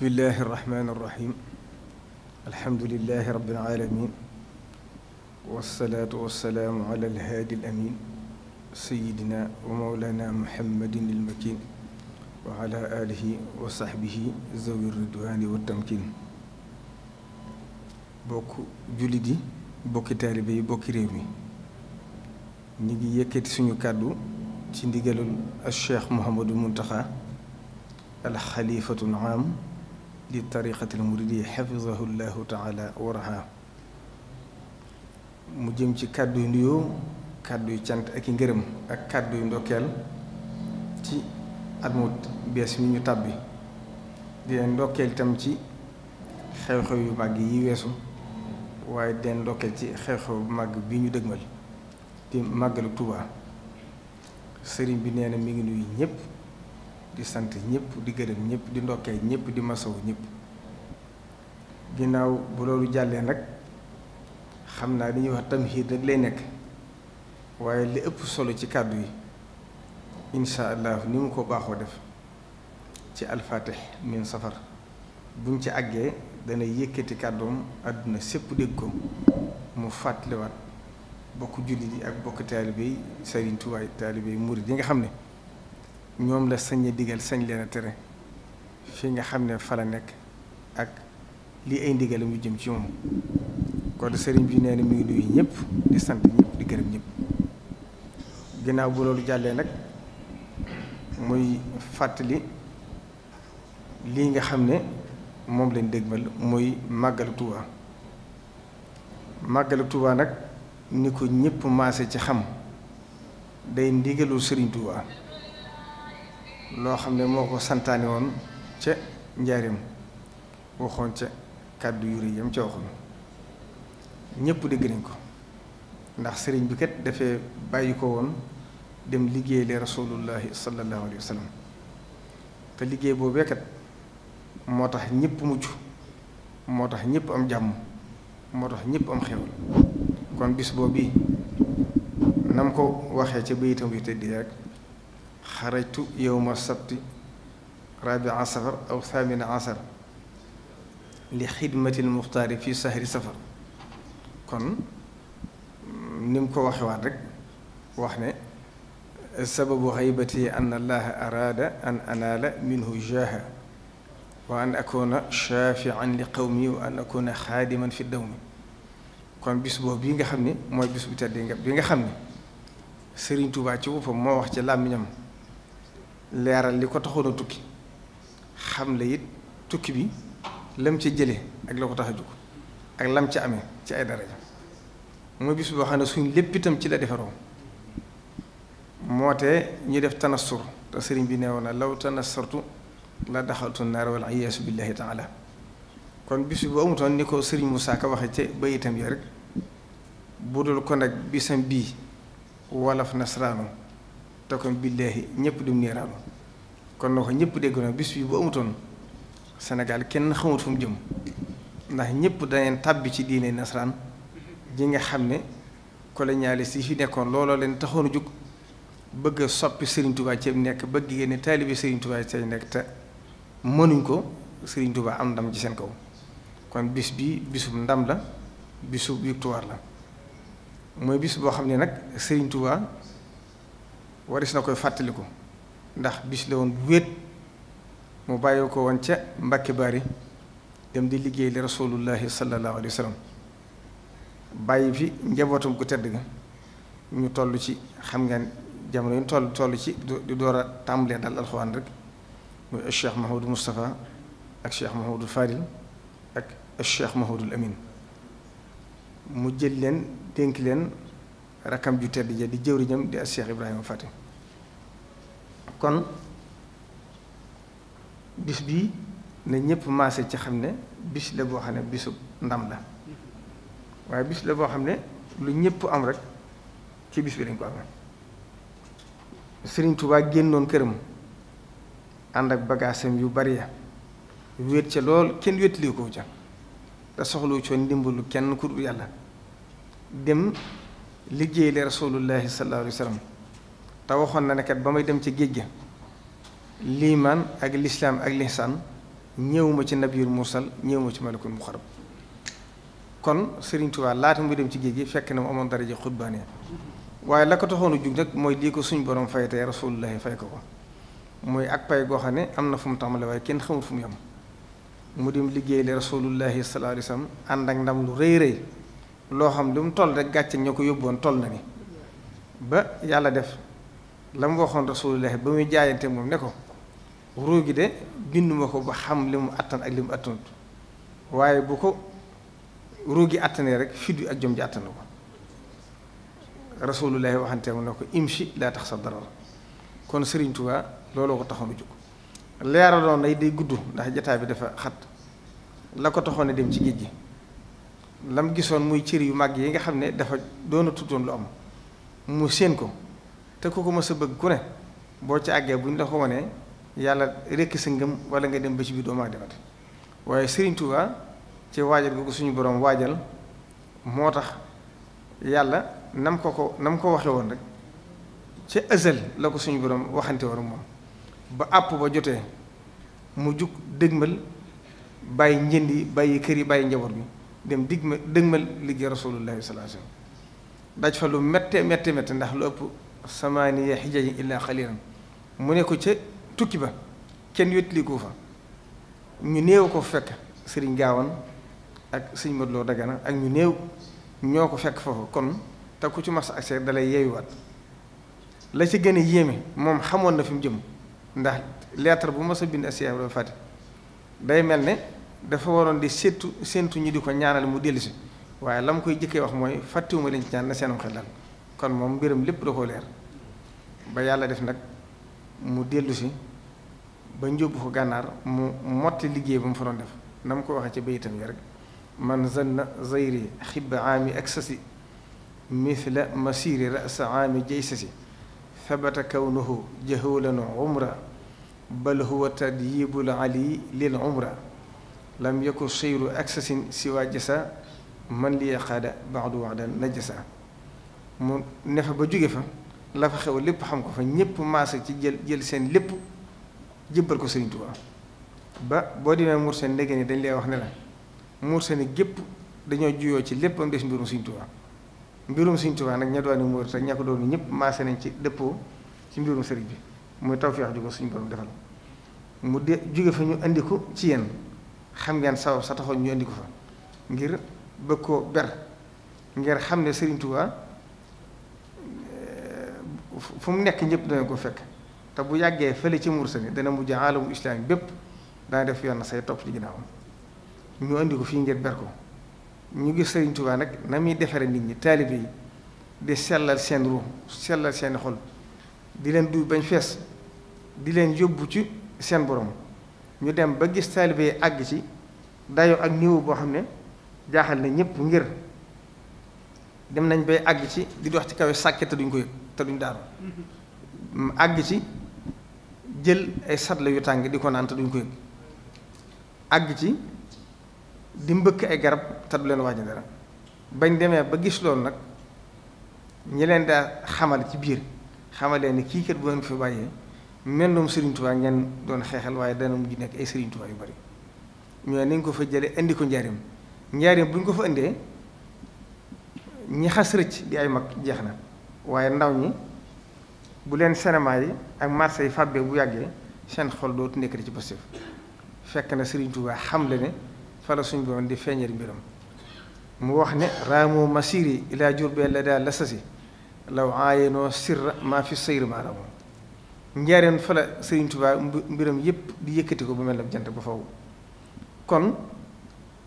bismillahi irrahmani irrahim alhamdulilahi rabilalamin walsalaatu walsalaamu ala alamin sayidina wa mawlana muhammadin ilmakin wa ala wa saxbihi zawi ridwaani wa bokk jullit yi bokki taalibe yi bokki réew mi ñu ngi yëkkati suñu kàddu ci ndigalul al cheikh Mouhamadou Mountakha al li tariqatil muridi xafizahu llahu taala waraha mu jëm ci kàddu yu nuyoo kàddu yu cant ak i ngërëm ak kàddu yu ndokkeel ci at mu bees mi ñu tàbbi di leen ndokkeel itam ci xew-xew yu màgg yi weesu waaye di ndokkeel ci xew-xew bu màgg bi ñu dëgmal di màggalu Tuubaa sëriñ bi nee na mi ngi nuyu ñëpp di sant ñëpp di gërëm ñëpp di ndokkee ñëpp di masawu ñëpp ginnaaw bu loolu jàllee nag xam naa li ñuy wax tamxiir rek lay nekk waaye li ëpp solo ci kàddu yi incha allah ni mu ko baaxoo def ci alfaate min safar buñ ci àggee dana yëkkati kàddoom àdduna sépp dégg ko mu fàttaliwaat bokk jullit yi ak bokk taalibe yi Sëriñ Tuubaa taalibe yi murid yi nga xam ne ñoom la sañ digal sañ leen a tere fi nga xam ne fa nekk ak lii ay ndigal mu jëm ci moom kon sëriñ bi nee mu mi ngi nuyu ñëpp di sant ñëpp di gërëm ñëpp ginnaaw bu loolu jàllee nag muy fàttali lii nga xam ne moom leen dégmal muy màggalu Tuuba màggalu Tuuba nag ni ko ñëpp maase ci xam day ndigalul sëriñ Tuuba loo xam ne moo ko santaane woon ca njaarim waxoon ca kàddu yu rëy yam ca waxoon ñépp dëgg nañ ko ndax sëriñ bi kat dafee bàyyi ko woon dem liggéey le rasulullahi sallallahu alayhi wa te liggéey boobee kat moo tax ñépp mucc moo tax ñépp am jàmm moo tax ñépp am xewal kon bis boobu bi nam ko waxee ca bayitam yu tëddi rek xarajtu yowma sabti rabia safar aw thamina asar li xidmatil muxtaari fi sahri safar kon ni mu ko waxe waat rek wax ne sababu xaybati an allaha araada an anaala minhu jaaha wa an akuna shaafian li qawmi wa an akuna xaadiman fi dawmi kon bis boobu bii nga xam ne mooy bis bu tedd nga bi nga xam ne Sëriñ Tuubaa ci boppam moo wax ci làmmiñam leeral li ko taxoon tukki xam la it tukki bi lam ci jële ak la ko tax a jóg ak lam ci ame ci ay daraja mooy bis boo xam ne suñ lépp itam ci la defaroo moo te ñu def tanassur te sëriñ bi neewoon na law tanassurtu la daxaltu naar wal iyaasu billahi taala kon bis bu amutoon ni ko sëriñ mu Ka waxee ca ba itam yi rek budul ko nag bisam bii wolof nasraanu te kon billaahi ñëpp di mu niiraalu kon na ko ñëpp dégg na bis bi bu amutoon Sénégal kenn xamut fu jëm ndax ñëpp daneen tàbbi ci diine nasaraan ji nga xam ne colonialiste yi si nekkoon looloo leen taxoon a jóg bëgg a soppi Serigne Touba ci nekk bëgg yéen taalibe Serigne Touba ci nekk te mënuñ ko Serigne Touba am ndam ci seen kaw kon bis bi bisub ndam la bisu victoire la mooy bis boo xam ne nag Serigne Touba. waris na koy fàttaliku ndax bis la woon bu wéet mu bàyyi ko woon ca Mbàkke Bari dem di liggéey li rasulullahi sallallahu alayhi wa sallam bàyyi fi njabootam ku tedd ga ñu toll ci xam nga jamono yu tollu toll ci di door a tàmbalee dal alxuraan rek muy cheikh Mahamadou Moustapha ak cheikh Mahamadou Fadil ak cheikh Mahamadou Amin mu jël leen dénk leen rakam ju tedd ja di jëwriñam di ak cheikh Ibrahima Fati kon bis bii ne ñëpp maase ci xam ne bis la boo xam ne bisu ndam la waaye bis la boo xam ne lu ñëpp am rek ci bis bi lañ ko amee Sëriñ Tuubaa génnoon këram ànd ak bagaasam yu bari ya wéet ca lool kenn wéetali ko ca te soxlu coon ndimbalu kenn ku dul yàlla dem liggéey le rasulullahi sallallahu alayhi wa te waxoon na ne ba may dem ci géej ga liimaan ak lislaam ak lihsaan ñëwuma ci nabiyul mursal ñëwuma ci malakul muqarrab kon Serigne Touba laata muy dem ci géej gi fekk na mu amoon daraja xutbaane waaye la ko taxoon a jug nag mooy lii ko suñ borom faytee rasulullahi fay ko ko mooy ak pay goo xam ne am na fu mu tàmbale waaye kenn xamul fu mu yem mu dem liggéey le rasulullahi sallallahu alayhi wasallam ànd ak ndam lu rëy rëy loo xam lu mu toll rek gàcce ñoo ko yóbboon toll na ba yàlla def la mu waxoon rasulullah ba muy jaayante moom ne ko ruu gi de binduma ko ba xam li mu attan ak li mu attanut waaye bu ko ruu gi attanee rek fit ak jom ji attan ko rasulullah waxante mu ko imshi laa tax sa darar kon Serigne Touba looloo ko taxoon a jóg gudd ndax jataay bi dafa xat la ko taxoon a dem ci géej gi lam gisoon muy cër yu mag yi nga xam ne dafa doon lu am mu séen ko te ko ko mës a bëgg ku ne boo ci àggee bu ñu la ko wanee yàlla rekk sa ngëm wala nga dem ba ci biir doomu aadama waaye Serigne Touba ci waajal ko suñu boroom waajal moo tax yàlla nam ko ko nam ko waxee woon rek ci ësal la ko suñu borom waxante woon moom ba àpp ba jotee mu jug dëgmal bàyyi njënd yi bàyyi kër yi bàyyi njaboot bi dem digma dëgmal liggéey rasulullahi sallallahu alayhi wasallam daj fa lu mette mette mette ndax lu ëpp samaaniya xijajin illa xalilan mu ne ko ca tukki ba kenn wettiliku fa ñu néew ko fekk sëriñ gaawan ak sëñ Modou Lo Dagana ak ñu néew ñoo ko fekk foofu kon te ku ci mas accès dalay yeeyuwaat la ci gën a yéeme moom xamoon na fi mu jëm ndax lettre bu mas a bind asiyaam dafa fàtte day mel ne dafa waroon di séentu séentu ñi di ko ñaanal mu dellusi waaye la mu koy jëkkee wax mooy fàttewuma leen ci ñaan na seenum xel dal kon moom mbiram lépp da koo leer ba yàlla def nag mu dellu si ba njóbbu ko gànnaar mu motti liggéey ba mu fa doon def na mu ko waxee ci bayitam yi rek man zanna zayri xibba aami ak sasi mithla masiri rasa aami jay sasi thabata kawnuhu jahulan umra bal huwa tadyibul ali lil umra lam yakun seyru aksasin siwa jasa man li yaqaada baadu waxdan najasa mu ne fa ba jóge fa la fa xew lépp xam ko fa ñëpp maase ci jël jël seen lépp jëbbal ko Sëriñ ba boo muur seen ndege ni dañ lay wax ne la Mauritanie gépp dañoo juyoo ci lépp am des mbirum Sëriñ Tuubaa mbirum Sëriñ Tuubaa nag ña doon muur te ña ko ñëpp maase nañ ci dëppoo ci mbirum sëriñ bi muy tawfeex ju ko suñu borom defal mu de jóge fa ñu indi ko ci yéen xam ngeen sabab sa taxoon ñu indi ko fa ngir bëgg koo ber ngir xam ne Sëriñ Tuubaa fu mu nekk ñëpp dana ko fekk te bu yàggee fële ci mursani dana mujj alamu islaam bépp dana def yoon na say topp ci ginnaawam ñu andi ko fii ngir ber ko ñu gis Sëriñ Tuubaa nag na muy defare nit ñi taalibe yi di sellal seen ruux sellal seen xol di leen du bañ fees di leen yóbbu ci seen borom ñu dem ba gis taalibe àgg ci dayo ak niveau boo xam ne jaaxal na ñëpp ngir dem nañ bay àgg ci di dox ci kawe sàkkete duñ ko te duñ daaru àgg ci jël ay satla yu tàng di ko naan te duñ ko yëg àgg ci di mbëkk ay garab ta du leen wàññi dara bañ demee ba gis loolu nag ñi leen daa xamal ci biir xamal leen ni kii kër bu leen fi bàyyee mel noonu Serigne Touba ngeen doon xeexal waaye dana mujj nekk ay Serigne Touba yu bari ñooñu nañ ko fa jëlee indi ko njaarim njaarim bu ñu ko fa indee ñi xas rëcc di ay mag jeex na. waaye ndaw ñi bu leen cinéma yi ak marché yi fàbbee bu yàggee seen xol dootu nekkati ci positif fekk na Serigne Touba xam le ne la suñ boon di feeñal mbiram mu wax ne raamu masiri ila jurbee la daal la sasi law aayenoo sirra maa fi fa la mbiram yépp di yëkkati ko bu mel na jant ba faw kon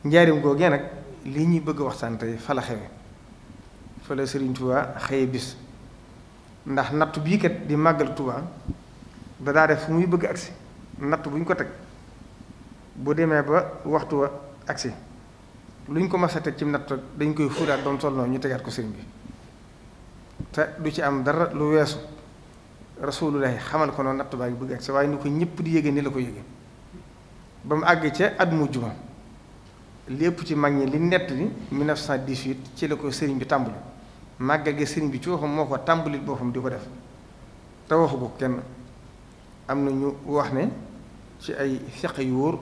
njaarim googee nag li ñuy bëgg waxtaan tey fa la xewe fa la Serigne xëye bis ndax nattu bii kat di màggal Tuubaa da def fu muy bëgg agsi natt bu ñu ko teg bu demee ba waxtu wa agsi lu ñu ko mas teg ci natt dañ koy fuuraat doom sol ñu tegaat ko sëriñ bi te du ci am dara lu weesu rasulullahi xamal ko noonu natt baa ngi bëgg agsi waaye ni ko ñëpp di yéege ni la ko yéege ba mu àgg ca at mujj ma lépp ci mag ñi li nett ni 1918 ci la ko sëriñ bi tàmbali màggal gi sëriñ bi ci waxam moo ko tàmbalit boppam di ko def te waxu ko kenn am na ñu wax ne ci ay fiq yu wóor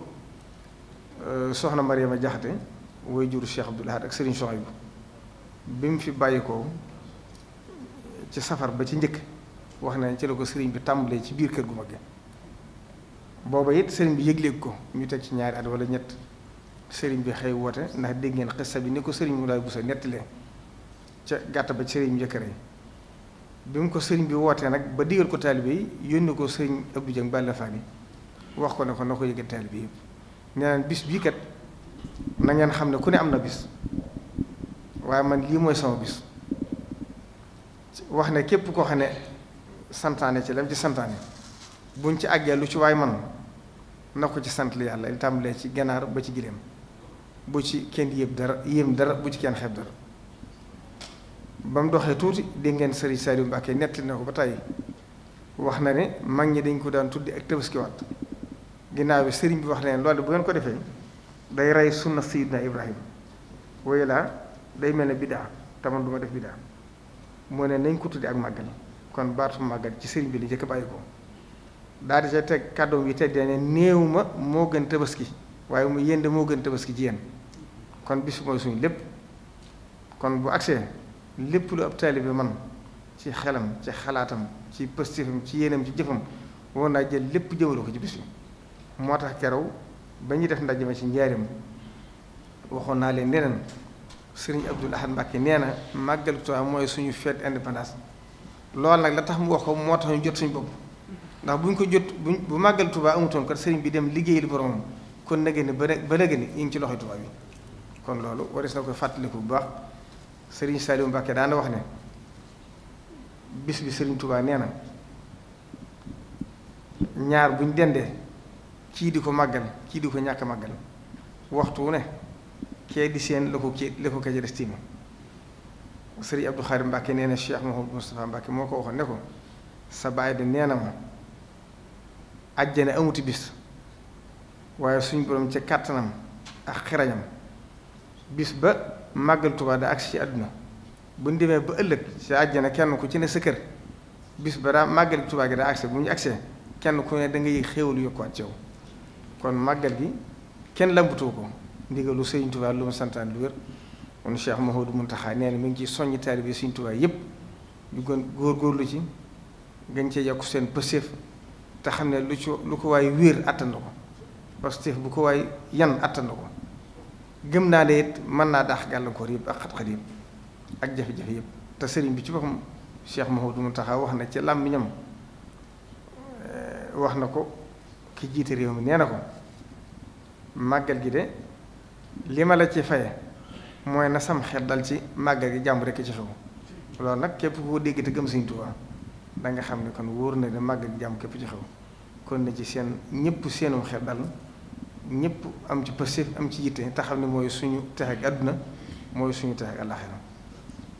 euh, soxna Mariama Jaxate woy juru Cheikh Abdoul Ahad ak sëriñ Soxaybu bi mu fi bàyyi ko ci safar ba ci njëkk wax nañ ci la ko sëriñ bi tàmbalee ci biir kër gu mag gi booba it sëriñ bi yëgleeg ko ñu teg ci ñaari at wala ñett sëriñ bi xëy woote ndax dégg ngeen xissa bi ni ko sëriñ mu laay busa nettalee ca gàtt ba ci sëriñ njëkkëre bi mu ko sëriñ bi wootee nag ba digal ko taalibe yi yónni ko sëriñ Abdou Dieng Balla Fally wax ko ne ko na ko yëgal taalibe yëpp nee bis bii kat na ngeen xam ne ku ne am na bis waaye man lii mooy sama bis wax ne képp koo xam ne santaane ci lam ci santaane buñ ci àggee lu ci waaye man na ko ci sant yàlla li tàmbalee ci ganaar ba ci gileem bu ci kenn yéem dara yéem dara bu ci kenn xeeb dara ba mu doxee tuuti dégg ngeen Serigne Saliou Mbacké nettali na ko ba tey wax na ne mag ñi dañ ko daan tuddi ak tabaskiwaat ginnaaw bi Serigne bi wax leen loolu bu ngeen ko defee day rey sunna Seydina Ibrahim waaye laa day mel ne bidaa taman du ma def bidaa moo ne nañ ko tuddi ak màggal kon baatu màggal ci Serigne bi li njëkk bàyyi ko daal di ca teg kàddoom yi teg ne néew ma moo gën tabaski waaye mu yéen de moo gën tabaski ci yéen kon bis mooy suñu lépp bu agsee lépp lu ab taalibe bi man ci xelam ci xalaatam ci pëstifam ci yéenam ci jëfam war naa jël lépp jëmale ko ci bis bi moo tax keroog ba ñuy def ndaje ma ci njaarim waxoon naa leen neneen sëriñ Abdul Ahad Mbàkke nee na màggal Tuubaa mooy suñu fête indépendance loolu nag la tax mu wax ko moo tax ñu jot suñu bopp ndax bu ñu ko jot bu bu màggal Tuubaa amutoon kat sëriñ bi dem liggéeyal boromam kon nag ne ba ba nag ne ci loxoy Tuubaa bi kon loolu waris na koy bu baax. sëriñ Saliou Mbacke daana wax ne bis bi sëriñ Touba nee na ñaar buñ dendee kii di ko màggal kii di ko ñàkk màggal waxtu wu ne kee di seen la ko kii la ko kaja des tiime sëriñ Abdou Khari Mbacke nee na Cheikh Mouhamadou Moustapha moo ko waxoon ne ko sa baay de neena na ma àjjana amuti bis waaye suñ borom ca kàttanam ak xirañam bis ba màggal Tuubaa da agsi ci àdduna bu ñu demee ba ëllëg ci na kenn ku ci ne sa kër bis ba daa màggal Tuubaa gi daa agsi bu ñu agsee kenn ku ne da nga yëg xéewalu yokkuwaat ci yow kon màggal gi kenn lambatuwu ko ndigalu Sëriñ Tuubaa lu mu santaan lu wér kon Cheikh Mouhamadou Mountakha nee na mi ngi ci soññi taalibe Sëriñ Tuubaa yëpp ñu góor góorlu ci nga ngi cee yokk seen pëseef te xam ne lu ci lu ko waay wéer attan ko parce que bu ko waay yan attan gëm naa ne it mën naa daax gàllankoor yëpp ak xat-xat yëpp ak jafe-jafe yëpp te sëriñ bi ci boppam Cheikh Mouhamadou taxaw wax na ci làmmiñam eh, wax na ko ki jiite réew mi nee na ko màggal gi de li ma la ci faye mooy na sam xel dal ci màggal gi jàmbu rekk ci xew loolu nag képp koo dégg te gëm suñu Tuubaa da nga xam ne kon wóor na ne màggal gi jàmm képp ci xew kon na ci seen ñëpp seenu xet dal ñëpp am ci passif am ci yitte te xam ne mooy suñu tex ak àdduna mooy suñu tex ak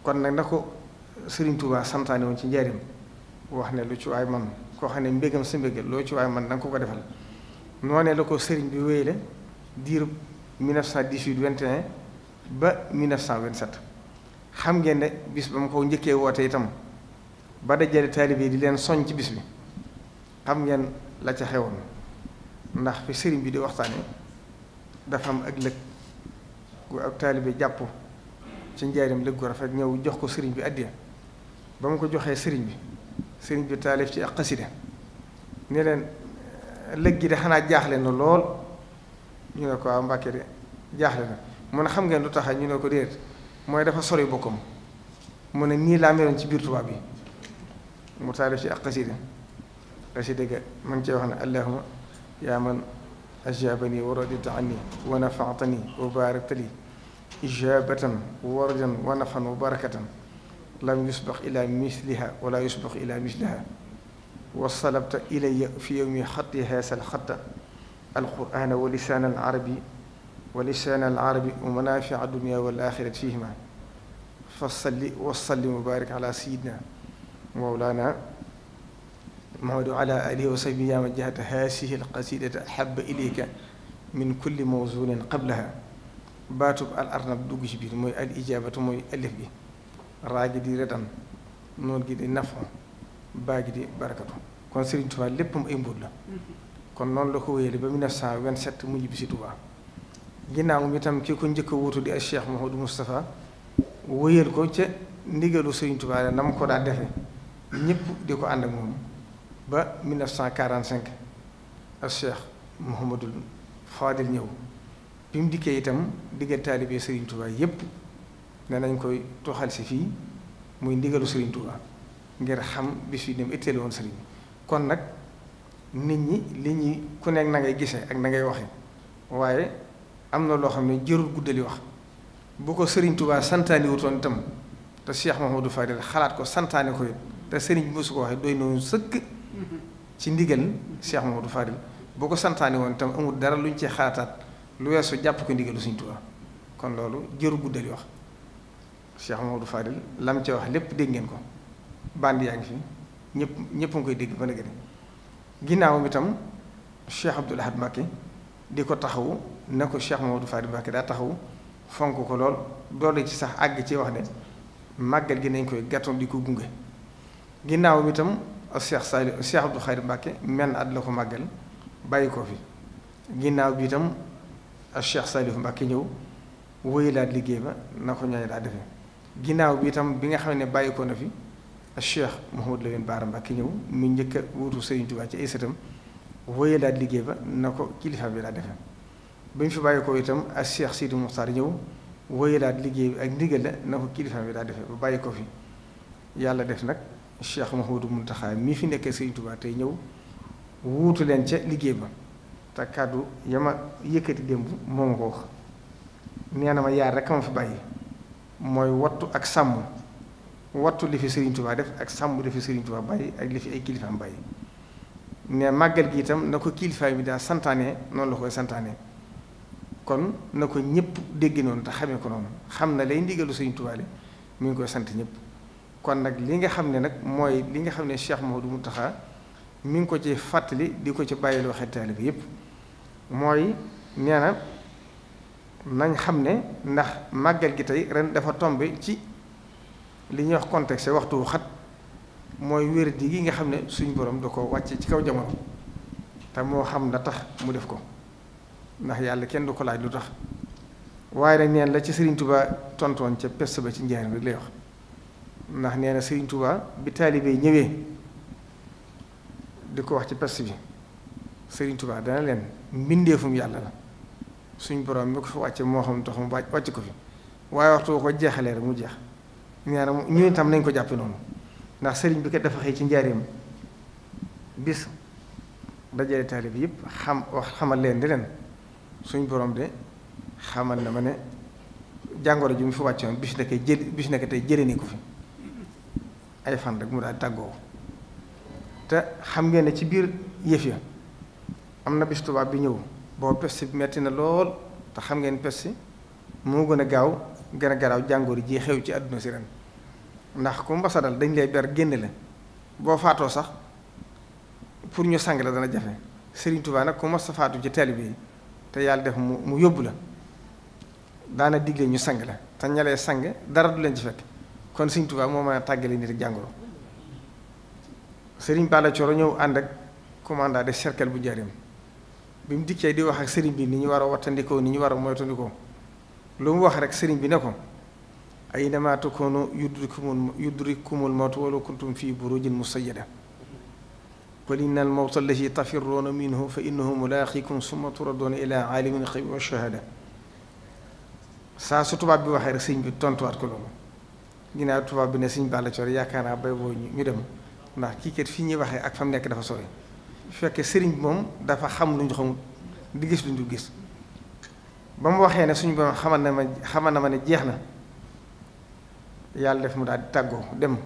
kon nag na ko Sëriñ Tuubaa santaane woon ci njariñ wax ne lu ci waay man koo xam ne mbégam sa mbégal loo ci waay man na nga ko ko defal noonee la ko sëriñ bi wéyle diirub 1918 21 ba 1927 xam ngeen ne bis ba ma ko njëkkee woote itam ba dajale taalibe di leen soñ ci bis bi xam ngeen la ca xewoon ndax fi sëriñ bi di waxtaanee dafa am ak lëg gu ab taalibe jàpp ci njaarim lëg ko rafet ñëw jox ko sëriñ bi àddiya ba mu ko joxee sëriñ bi sëriñ bi taalif ci ak xasida ne leen lëg gi de xanaa jaaxle na lool ñu ne ko waaw Mbàkke de jaaxle na mu ne xam ngeen lu tax ñu ne ko déet mooy dafa sori bokkam mu ne nii laa meloon ci biir tubaab bi mu taalif ci ak xasida xasida ga mu ngi cee wax ne allahuma yaa man ajaabani wa radita anni wa nafaatani wa baarakta li ijaabatan wa warjan wa nafan wa barakatan lam yusbax ila misliha wala yusbax ila misliha wa salabta ilaya fi yowmi xatti haasa alxatta alqurana wa lisaan alarabi wa lisaan alarabi wa manafia dunia wal axirati fihima fa salli wa sallim wa baarik ala sayidina mawlana Muhammad wa ala alihi wa sahbihi yaa ma jaxata haasihi alqasidata alhabba ilayka min kulli mawzunin qablaha baatub al arnab dugg ci biir mooy al ijaabatu mooy alif bi raa gi di redan noon gi di nafo baa gi di barakatu kon Serigne Touba léppam ay mbóot la kon noonu la ko wéyale ba 1927 mu ñibbi si Touba ginnaaw mi itam ki ko njëkk a wuutu di ay Cheikh Mouhamadou Moustapha wéyal ko ca ndigalu Serigne Touba la na mu ko daa defe ñëpp di ko ànd moom ba 1945 ak Cheikh Mouhamadul Fadil ñëw bi mu dikkee itam diggante taalibe Serigne Touba yépp ne nañ koy tooxal si fii muy ndigalu Serigne Touba ngir xam bis yi dem itteelu woon Serigne kon nag nit ñi li ñuy ku nekk na ngay gisee ak na ngay waxe waaye am na loo xam ne jërul guddali wax bu ko Serigne Touba santaani wutoon itam te Cheikh Mouhamadou Fadil xalaat ko santaane ko it te Serigne bi mosu ko waxee doy noonu sëkk. ci ndigal Cheikh Mamadou Fadil boo ko santaane woon tam amul dara luñ ci xaataat lu weesu jàpp ko ndigalu Sëriñ Tuubaa kon loolu jëru guddali wax Cheikh Mamadou Fadil lam ca wax lépp dégg ngeen ko bandi yaa ngi fi ñëpp ñëpp koy dégg ba léegi ginnaawam itam Cheikh Abdoul Ahad Mbacké di ko taxawu ne ko Cheikh Mamadou Fadil Mbacké daa taxawu fonk ko lool doole ci sax àgg ci wax ne màggal gi nañ koy gàttoon di ko gunge ginnaaw itam Cheikh Sali Cheikh Abdou Khadre Mbacké menn at la ko màggal bàyyi koo fi ginnaaw bi itam ak Cheikh Salif Mbacké ñëw wóyalaat liggéey ba na ko ñooñu daa defee bi itam bi nga xam ne bàyyi na fi ak Cheikh Mouhamadou Lamine Bara ñëw mu njëkk a wutu Serigne Touba ci ay sëtam liggéey ba na ko kilifa bi daa defee bi ñu fi bàyyi ko itam ak Cheikh Sidi Moukhtar ñëw wóyalaat liggéey bi ak ndigal la na ko kilifa bi daa defe ba bàyyi koo fi yàlla def nag. Cheikh Mouhamadou Mountakha mii fi nekkee Sëriñ Tuubaa tey ñëw wuutu leen ca liggéey ba te kàddu yama yëkkati démb moo ma ko wax nee na ma yaar rek ma fi bàyyi mooy wattu ak sàmm wattu li fi Sëriñ Tuubaa def ak sàmm li fi Sëriñ Tuubaa bàyyi ak li fi ay kilifaam bàyyi ne màggal gi itam na ko kilifaay bi daa santaane noonu la koy santaane kon na ko ñëpp dégg noonu te xamee ko noonu xam na lay ndigalu Sëriñ Tuubaa mi ngi koy sant ñëpp kon nag li nga xam ne nag mooy li nga xam ne Cheikh Mouhamadou Mountakha mi ngi ko ci fàttali di ko ci bàyyil waxe taalibe bi yépp mooy nee na nañ xam ne ndax màggal gi tey ren dafa tombe ci li ñuy wax contexte waxtu wu xat mooy wér di gi nga xam ne suñ borom du ko wàcce ci kaw jamono te moo xam la tax mu def ko ndax yàlla kenn du ko laaj lu tax waaye nag neen la ci Sëriñ Tuubaa tontoon ca pest ba ci njaarim rek lay wax ndax nee na Serigne Touba bi taalibee ñëwee di ko wax ci pest bi sëriñ tubaa dana leen mbindeefum yàlla la suñ borom mi ko fi wàcce moo xam tax mu wàcc ko fi waaye waxtu ko jeexalee rek mu jeex nee na ñu itam nañ ko jàppe noonu ndax Serigne bi ko dafa xëy ci njaareem bis dajale taalib yëpp xam wax xamal leen di leen suñ borom de xamal na ma ne jàngoro ji mu fi wàccoon bis nekk jël bis nekk tey jëlee ko fi. ay fan rek mu daal tàggoo te xam ngeen ne ci biir yëf ya am na bis tubaab bi ñëw boo peste bi metti na lool te xam ngeen peste moo gën a gaaw gën a garaaw jàngoor ji xew ci àdduna si ren ndax ku mbasadal dañ lay ber génne la boo faatoo sax pour ñu sang la dana jafe Sëriñ Tuubaa nag ku mas a faatu ci taalibe yi te yàlla def mu mu yóbbu la daana digle ñu sang la te ña sang dara du leen ci fekk kon Sëriñ Tuubaa moo mën a tàggale nit ak jàngoro sëriñ Balla Coro ñëw ànd ak commandant de cercle bu Njaaréem bi mu dikkee di wax ak sëriñ bi ni ñu war a wattandikoo ni ñu war a moytandikoo lu mu wax rek sëriñ bi ne ko ay namaa takoonu yudrikumul yudrikumul mawtu wala kuntum fii burujin musayyada qul inna al mawta allazi tafirruuna minhu fa innahu ma summa turadduuna ilaa aalimin xaybi wa shahaada saa su tubaab bi waxee rek sëriñ bi tontuwaat ko loolu ginnaaw tubaab bi ne suñ Balla Coor yaakaar naa bay boo ñu dem ndax kii kat fii ñuy waxee ak fa mu nekk dafa sori fekke sëriñ moom dafa xam lu ñu xamul di gis lu ñu gis ba mu waxee ne suñu borom xamal na ma xamal na ma ne jeex na yàlla fi mu daal di tàggoo dem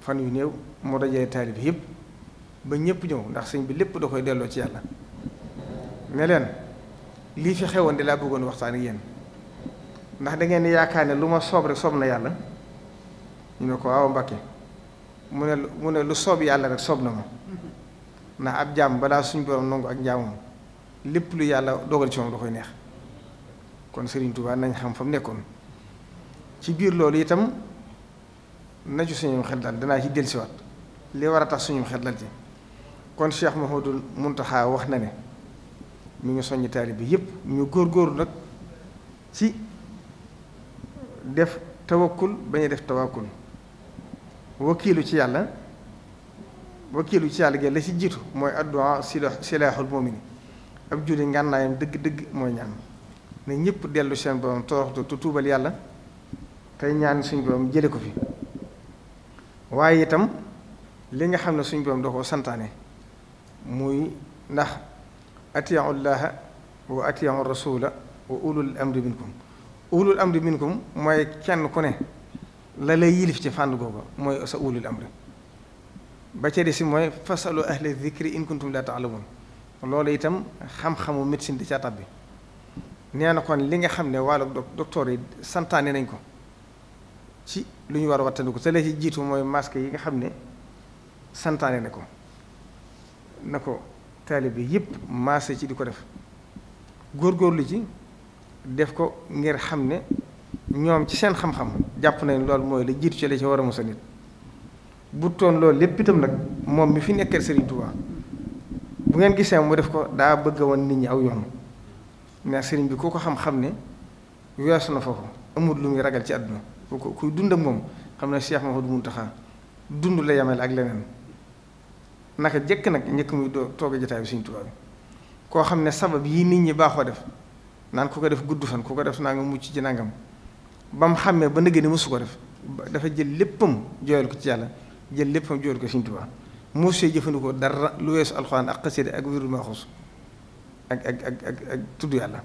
fan yu néew moo dajee taalib yëpp ba ñëpp ñëw ndax sëñ bi lépp da koy delloo ci yàlla ne leen lii fi xewoon di laa bëggoon waxtaan ak yéen ndax da ngeen yaakaar ne lu ma soob rek soob na yàlla ñu ne ko waaw Mbàkke mu ne mu lu soob yàlla rek soob na ma ndax ab jàmm balaa suñ borom nangu ak njaamam lépp lu yàlla dogal ci moom da koy neex kon Serigne Touba nañ xam fa mu nekkoon ci biir loolu itam na ci suñu xel danaa ci dellusiwaat li war a tax suñu xel ci kon Cheikh Mouhamadou Mountakha wax na ne mu ngi soññ taalibe bi yëpp ñu góorgóorlu nag ci. def tawakkul ba a def tawakkul wakiilu ci yàlla wakiilu ci yàlla gi la ci jiitu mooy addu'a silaaxul mu'min ab julli ngànnaayam dëgg-dëgg mooy ñaan ne ñëpp dellu seen borom toroxtu tu tuubal yàlla tey ñaan suñ borom jële ko fi waaye itam li nga xam ne suñ borom da koo santaane muy ndax atiyu llaha wa atiyu rasula wa ulul amri minkum ulul amri minkum mooy kenn ku ne la lay yilif ci fànn ko mooy sa ulul amri ba ca des mooy fasalu ahla zikri in kuntum la taalamun loolu itam xam-xamu médecine di ca bi nee na kon li nga xam ne wàllu docteur yi santaane nañ ko ci lu ñu war a wattandiku sa la ci jiitu mooy masque yi nga xam ne santaane na ko na ko taalibe yépp maase ci di ko def góorgóorlu ci def ko ngir xam ne ñoom ci seen xam-xam jàpp nañ loolu mooy la jiitu ci la ci war a mos nit bu toon loolu lépp itam nag moom mi fi nekkee Serigne Touba bu ngeen gisee mu def ko daa bëgg woon nit ñi aw yoon mais Serigne bi ku ko xam-xam ne weesu na foofu amul lu muy ragal ci àdduna ku ko kuy dund ak moom xam ne Cheikh Mouhamadou Mountakha dund la yemale ak leneen naka jëkk nag njëkk muy doo toog a jotaayu Serigne Touba bi koo xam ne sabab yi nit ñi baaxoo def. naan ku ko def gudd fan ku ko def naa nga mucc ci nangam ba mu xàmmee ba nëgë ni mosu ko def dafa jël léppam jooyal ko ci yàlla jël léppam jooyal ko Sëriñ Tuubaa mosu see jëfandikoo dara lu weesu alxuraan ak xasida ak wirdu maxuus ak ak ak ak ak tudd yàlla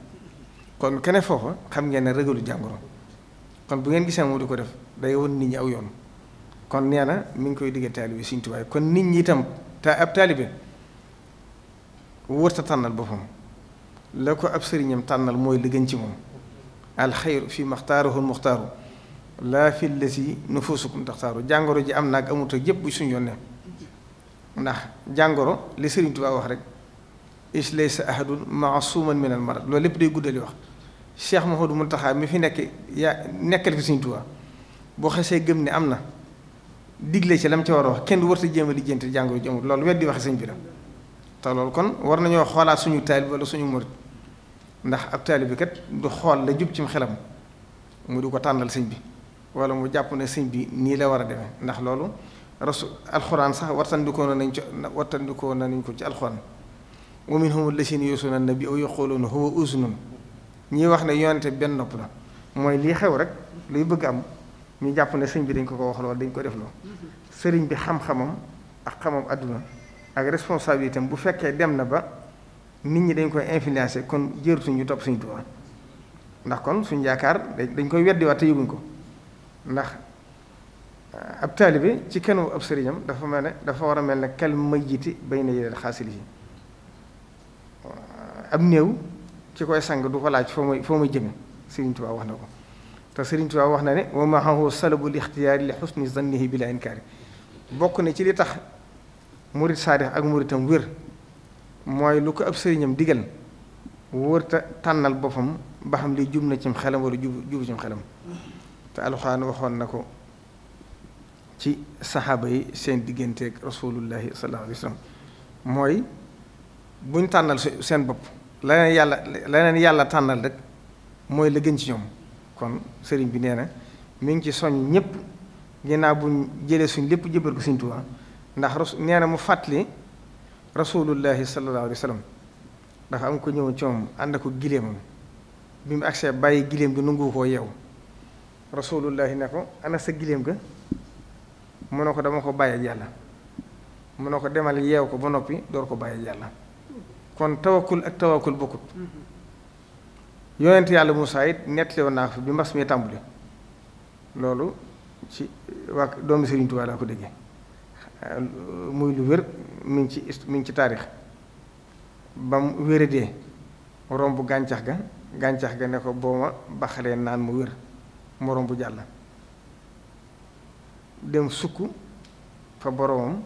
kon keneen foofa xam ngeen ne rëgalu jàngoro kon bu ngeen gisee moom di ko def day won nit ñi aw yoon kon nee na mi ngi koy diggal taalibe Sëriñ Tuubaa kon nit ñi itam ta ab taalibe sa tànnal boppam la ko ab sëriñam tànnal mooy li ci moom alxeyru fi maxtaarahul muxtaaru laa fi lati nufusukum taxtaaru jàngoro ji am naag amut ak yépp bu suñu yónnee ndax jàngoro li sëriñ Tuubaa wax rek is laysa ma maasuman min al marad loolu lépp day guddali wax ma Cheikh Mouhamadou Mountakha mi fi nekk yaa nekkal fi sëriñ Tuubaa boo xasee gëm ne am na digle ci lam ca war a wax kenn du warta jéem a lijjanti jàngoro ji amut loolu weddi waxe sëñ bi la te loolu kon war nañoo xoolaat suñu taalib wala suñu murit ndax ab taalib bi kat du xool la jub cim xelam mu du ko tànnal sëñ bi wala mu jàpp na sëñ bi nii la war a demee ndax loolu rasul alxuraan sax wartandikoo nañ ci wartandikoo nañ ko ci alxuraan wa minhum allaziina yu'zuuna nabiyya wa yaquuluuna huwa uzunun ñii wax ne yoonte benn nopp la mooy lii xew rek luy bëgg am ñu jàpp ne sëñ bi dañ ko ko wax loolu dañ ko def loo mm-hmm. sëriñ bi xam-xamam ak xamam àdduna ak responsabilité bu fekkee dem na ba nit ñi dañ koy influencer kon jërtu ñu topp Sëriñ Tuubaa ndax kon suñ yaakaar dañ koy weddiwaat te yëguñ ko ndax euh, ab taalibe ci kenn ab sëriñam dafa mel ne dafa war a mel ne kel mayjiti bay na yéen xaasil yi euh, ab néew ci koy sang du ko laaj foo may foo may jëme Sëriñ Tuubaa wax na ko te Sëriñ Tuubaa wax na ne wa maahu salabul ixtiyaari li xusni zannihi bila inkaari bokk na ci li tax murit saadix ak muritam wér mooy lu ko ab sëriñam digal wërta tànnal boppam ba xam li jub na cim xelam wala jub jubu cim xelam te alxuraan waxoon na ko ci saxaaba yi seen digganteeg rasulullahi sallallahu mooy buñ tànnal seen bopp leneen yàlla leneen yàlla tànnal rek mooy la gën ci ñoom kon sëriñ bi nee na mi ngi ci soñ ñëpp ginnaaw buñ jëlee suñ lépp jëbal ko Sëriñ ndax ras nee mu fàttali rasulullahi sallallahu alayhi wa ndax am ko ñëw ci moom ànd ko gileemam bi mu agsee bàyyi gileem gi nungu koo yeew rasulullahi ne ko ana sa gileem ga mu ne ko dama ko bàyyi yàlla mu ne ko demal yeew ko ba noppi door ko bàyyi yàlla kon tawakkul ak tawakkul bokkut mm-hmm. yonent yàlla Moussa it nettali woon naa ko fi bi mbas mi tàmbali loolu ci waa doomi Sëriñ Tuubaa laa ko déggee Euh, muy lu wér mi ngi ci mi ngi ci taarix bam mu wéradee romb gàncax ga gàncax ga ne ko boo ma baxalee naan mu wér mu bu jàll dem sukk fa boromam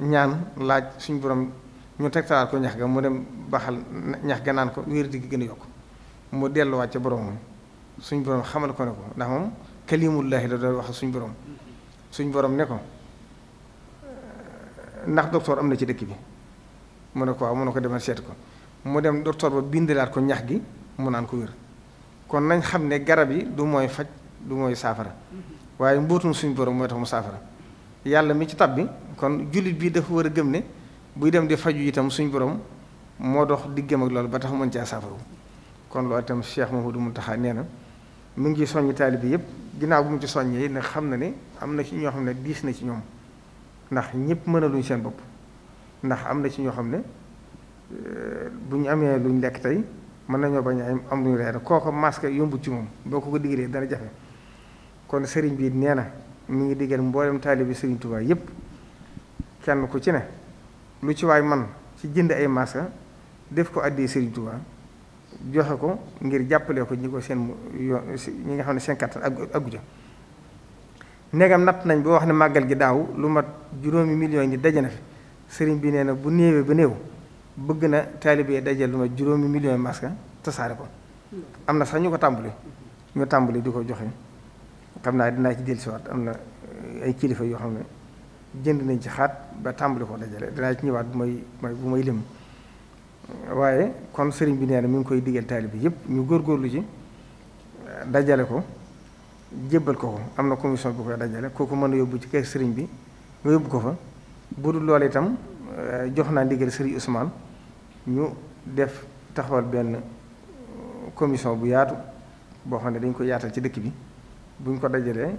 ñaan laaj suñ borom ñu teg tegtalaat ko ñax ga mu dem baxal ñax ga naan ko wéradi gi gën a yokk mu delluwaat ca boromam suñ borom xamal ko ne ko ndax moom kalimullahi la doon wax suñ borom suñ borom ne ko ndax docteur am na ci dëkk bi mu ne ko waaw mu ne ko demal seet ko mu dem docteur ba bindalaat ko ñax gi mu naan ko wér kon nañ xam ne garab yi du mooy faj du mooy saafara waaye mbootum suñu borom mooy tax mu saafara yàlla mi ci tab bi kon jullit bi dafa war a gëm ne buy dem di faju itam suñu borom moo dox diggam ak loolu ba tax mën caa saafara kon loolu itam Cheikh Mouhamadou Mountakha nee na mu ngi soññ taalibe yëpp ginnaaw bu mu ci soññee nag xam na ne am na ci ñoo xam ne diis na ci ñoom. ndax ñëpp mënaluñ seen bopp ndax am na ci ñoo xam ne euh, bu ñu amee luñ lekk tey mën nañoo bañ a am luñ reer kooko masque yombut ci moom boo ko ko diggalee dana jafe kon sëriñ bi nee na mu ngi diggal mboolem taalibi sëriñ Tuubaa yëpp kenn ku ci ne lu ci waay man ci jënd ay masque def ko àddee sëriñ Tuubaa joxe ko ngir jàppalee ko ñi ko seen ñi nga xam ne seen kattan ak agguja negam natt nañ boo wax ne màggal gi daaw lu mat juróomi million yi daje na fi sëriñ bi nee na bu néewee ba néew bëgg na taalibe daje lu mat juróomi million yi masque tasaare ko am na sax ñu ko tàmbali ñu tàmbali di ko joxe xam naa dinaa ci dellusiwaat am na eh, ay kilifa yoo xam ne jënd nañ ci xaat ba tàmbali ko dajale dinaa ci ñëwaat bu may bu may lim waaye kon sëriñ bi nee na mi ngi koy digal taalibe yëpp ñu góor góorlu ci eh, dajale ko. jébbal ko ko am na commission bi koy dajale kooku mën a yóbbu ci kër sëriñ bi nga yóbbu ko fa bu dul loolu itam euh, jox naa ndigal sëriñ Ousmane ñu def taxawal benn euh, commission bu yaatu boo xam ne dañ ko yaatal ci dëkk bi buñ ko dajalee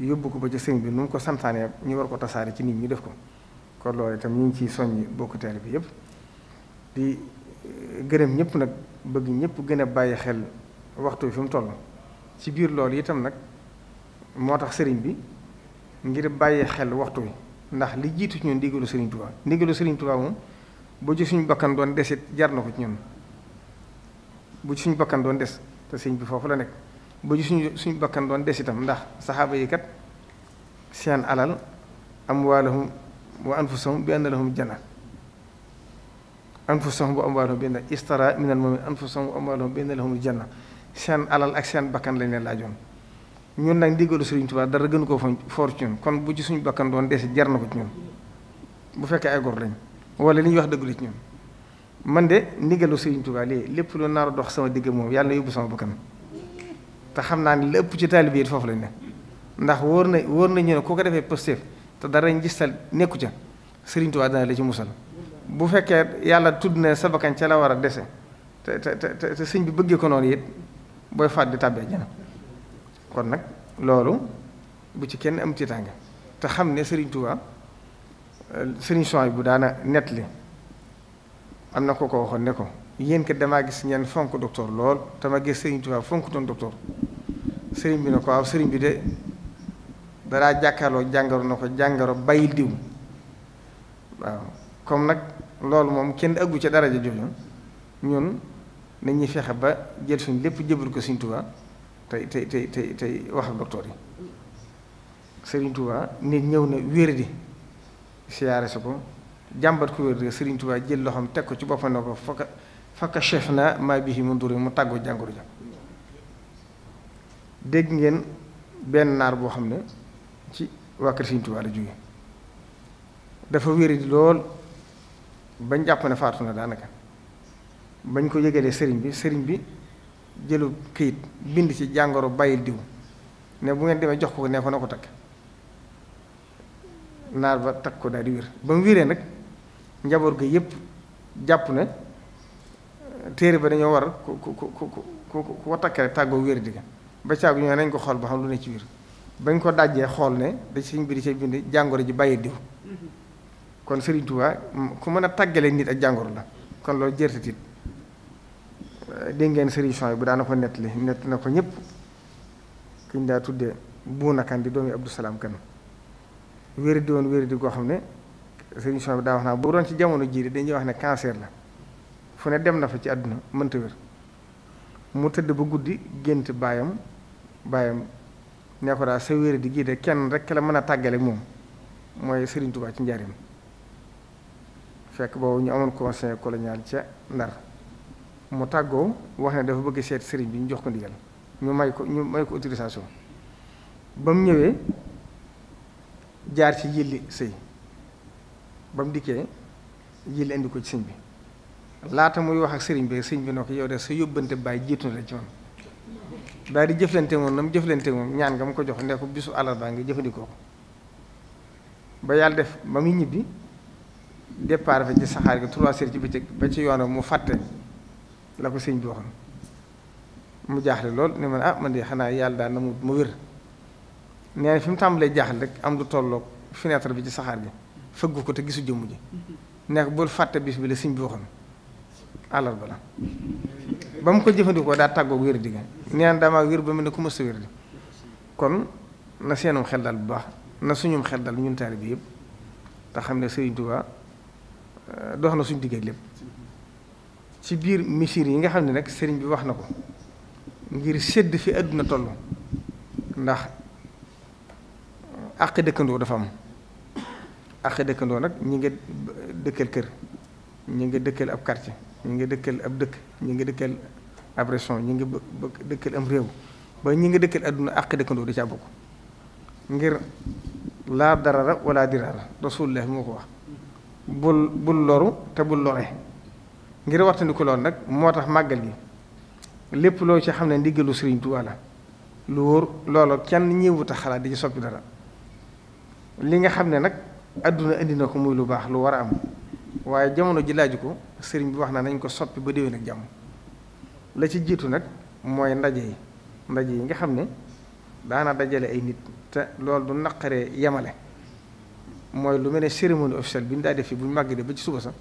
yóbbu ko ba ci sëriñ bi nu mu ko santaanee ñu war ko tasaare ci nit ñu def ko kon lool itam ñu ngi ciy soññ bokk teel bi yëpp di euh, gërëm ñëpp nag bëgg ñëpp gën a bàyyi xel waxtu fi mu toll. ci biir loolu itam nag moo tax sëriñ bi ngir bàyyi xel waxtu wi ndax li jiitu ñu ñun ndigalu sëriñ Tuubaa ndigalu sëriñ Tuubaa moom bu suñu bakkan doon desit jar na ko ci ñun bu suñu bakkan doon des te sëriñ bi foofu la nekk bëj ci suñu suñu bakkan doon des itam ndax saxaaba yi kat seen alal amwaalahum wa anfusahum jana anna lahum janna anfusahum wa amwaalahum bi anna istara minal mu'minin anfusahum wa amwaalahum bi anna lahum janna seen alal ak seen bakkan lañ leen laajoon ñun nag ndigalu Sëriñ Tuubaa dara gënu koo for ci ñun kon bu ci suñu bakkan doon dese jar na ko ci ñun bu fekkee ay góor lañ wala li ñuy wax dëgg la man de ndigalu Sëriñ Tuubaa lii lépp lu naaru dox sama digg moom yàlla na yóbbu sama te xam naa lépp ci taalibe yi foofu lañ ne ndax wóor na wóor nañu ne ko defee Pastef te dara ñu gistal nekku ca Sëriñ Tuubaa la ci musal bu fekkee yàlla tudd na sa bakkan ca la war a dese te te te te sëñ bi bëggee ko noonu it. booy faat di tàbbee jana kon nag loolu bu ci kenn am tiitaange te xam ne Serigne Touba Serigne Souhaï bu daana nett li am na ko ko waxoon ne ko yéen kat damaa gis ngeen fonk docteur lool te ma gis Serigne Touba fonk doon docteur Serigne bi ne ko waaw Serigne bi de dalaa jàkkaarloo jàngaro na ko jàngoro bàyyil diw waaw comme nag loolu moom kenn aggu ca daraja jooju ñun. nañ ñuy fexe ba jël suñ lépp jëbal ko Sëriñ Tuubaa tey tey tey tey tey wax yi Sëriñ Tuubaa nit ñëw na wér di siyaare si ko jàmbat ku wér di Sëriñ Tuubaa jël loxoom teg ko ci boppam ne ko fakka fakka chef na maa bii mu ndur mu tàggoo jàngoro ja dégg ngeen benn naar boo xam ne ci waa kër Sëriñ Tuubaa la jóge dafa wér lool bañ jàpp ne faatu na daanaka bañ ko yëgalee sëriñ bi sëriñ bi jëlu këyit bind ci jàngoro bàyyil diw ne bu ngeen demee jox ko ne ko na ko takk naar ba takk ko daal di wér ba mu wéree nag njaboot ga yépp jàpp ne téere ba dañoo war ku ku ku ku ko takk tàggoo wér di ba caagu ñoo nañ ko xool ba xam lu ne ci biir bañ ko dajjee xool ne da sëriñ bi di ci bind jàngoro ji bàyyil diw mm-hmm. kon sëriñ Tuubaa ku mën a tàggale nit ak jàngoro la kon loolu jërtatiit dégg ngeen Serigne yi bu daana ko nettali nett na ko ñëpp kiñ daa tuddee Buuna Kan di doomi Abdou Salaam Kan wéri di woon wéri di koo xam ne Serigne Souhaïbou daa wax naa bu doon ci jamono jii dañuy wax ne cancer la fu ne dem na fa ci àdduna mënta wér mu tëdd ba guddi gént baayam baayam ne ko daal sa wéri di gii de kenn rekk la mën a tàggale moom mooy Serigne Touba ci njaarim fekk boobu ñu amoon conseil colonial ca Ndar mu tàggoo wax ne dafa bëgg seet sëriñ bi ñu jox ko ndigal ñu may ko ñu may ko autorisation ba mu ñëwee jaar ci yilli sëy ba mu dikkee yilli indi ko ci sëñ bi laata muy wax ak sëriñ bi sëñ bi noo ko yow de sa yóbbante bàyyi jiitu na la ci man daal di jëflante moom na mu jëflante moom ñaan nga mu ko jox ne ko bisu àllarba nga jëfandikoo ko ba yàlla def ba muy ñibbi départ fa ci saxaar gi trois heures ci bëccëg ba ci yoonam mu fàtte la ko sëñ bi waxoon mu jaaxle lool ne man ah man de xanaa yàlla daal na mu ma wér nee na fi mu tàmbalee jaaxle rek am lu tolloog fenêtre bi ci saxaar bi fëggu ko te gisu jëmm ji nekk bul fàtte bis bi la siñ bi waxoon àllarba ba mu ko jëfandikoo daa tàggoog wér di nga nee na damaa wér ba mu ne ku mës wér di kon na seenum xel daal bu baax na suñum xel daal ñun taalibe bi yëpp te xam ne Sëriñ Tuubaa eh, dox na suñu digg ak lépp ci biir misir yi nga xam ne nag sëriñ bi wax na ko ngir sedd fi àdduna toll ndax àq dëkkandoo dafa am àq dëkkandoo nag ñu ngi dëkkal kër ñi nga dëkkal ab quartier ñi ngi dëkkal ab dëkk ñi nga dëkkal ab région ñi nga dëkkal am réew ba ñi ngi dëkkal àdduna àq dëkkandoo di caa bokk ngir laa dara wala dirara rasulullah moo ko wax bul bul loru te bul lore ngir waxtandiku lool nag moo tax màggal gi lépp loo ci xam ne ndiggalu Sëriñ Tuubaa la lu wóor loolu kenn ñëwut a xalaat di ci soppi dara li nga xam ne nag àdduna indi na ko muy lu baax lu war a am waaye jamono ji laaju ko sëriñ bi wax na nañ ko soppi ba déwén ak jàmm la ci jiitu nag mooy ndaje yi ndaje yi nga xam ne daana dajale ay nit te loolu du naqaree yamale mooy lu mel ne cérémonie officielle bi ñu daa def fi buñ ñu màgg de ba ci suba sax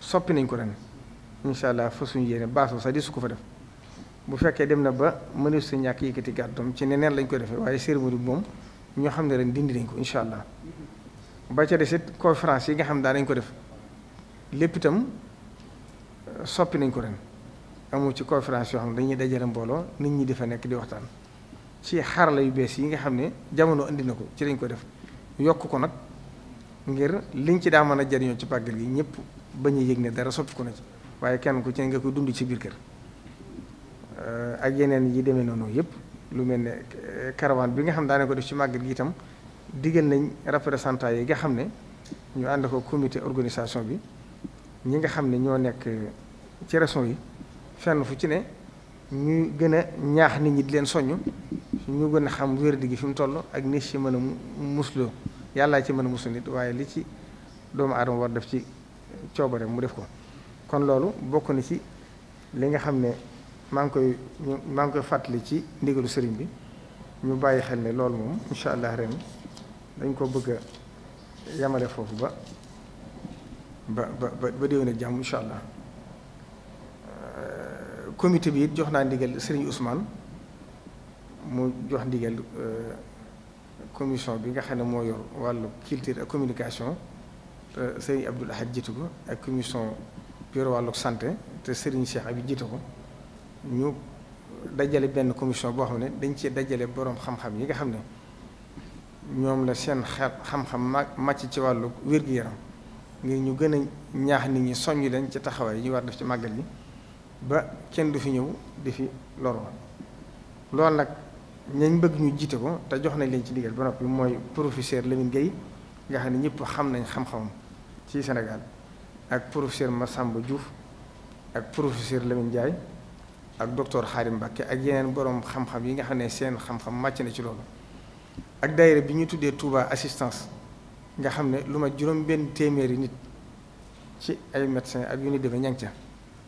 soppi nañ ko ren incha allah fa suñu yéene baasoo sa di su ko fa def bu fekkee dem na ba mënees si ñàkk yëkkati gàddoom ci neneen lañ ko defee waaye cérémonie bi moom ñoo xam ne ren dindi nañ ko incha allah ba ca des it yi nga xam daa nañ ko def lépp itam euh, soppi nañ ko ren amul ci conférence yoo xam ne dañuy dajale mbooloo nit ñi di fa nekk di waxtaan ci xarala yu bees yi nga xam ne jamono indi na ko ci lañ ko def yokk ko nag ngir liñ ci daa mën a jariñoo ci pàggal gi ñëpp bañ a yëg ne dara soppi ko na ci. waaye kenn ku ci ne nga koy dund ci biir kër euh, ak yeneen yi demee noonu yëpp lu mel ne euh, caravane bi nga xam daane ko def ci màggal gi itam diggal nañ représentant yi nga xam ne ñu ànd ko comité organisation bi ñi nga xam ne ñoo nekk ci région yi fenn fu ci ne ñuy gën a ñaax nit ñi di leen soññ ñu gën a xam wér-di gi fi mu toll ak ni ci mën a musloo yàllaa ci mën a muslu nit waaye li ci doomu aadama war def ci coobare mu def ko kon loolu bokk na ci li nga xam ne maa koy maa koy fàttali ci ndigalu sëriñ bi ñu bàyyi xel ne loolu moom incha allah ren dañ ko bëgg a yamale foofu ba ba ba ba déwén a jàmm incha allah euh, comité bi it jox naa ndigal sëriñ Ousmane mu jox ndigal euh, commission bi nga xam ne moo yor wàllu culture ak communication sëriñ Abdoul Ahad jiitu ko ak commission. yor wàllu santé te Serigne Cheikh abi jiite ko ñu dajale benn commission boo xam ne dañ cee dajale boroom xam-xam yi nga xam ne ñoom la seen xeet xam mag màcc ci wàllu wér-gu-yaram ngir ñu gën a ñaax nit ñi soññ leen ci taxawaay yi ñu war def ci màggal yi ba kenn du fi ñëw di fi loroo loolu nag ñañ bëgg ñu jiite ko te jox nañ leen ci digal ba noppi mooy professeur Lamine Gueye nga xam ne ñëpp xam nañ xam-xamam ci Sénégal. ak professeur Massamba Diouf ak professeur Lamine Ndiaye ak docteur xaari Mbàkke ak yeneen borom xam-xam yi nga xam ne seen xam-xam màcc na ci loolu ak daayira bi ñu tuddee Touba assistance nga xam ne lu ma juróom benn téeméeri nit ci ay médecins ak yu ni demee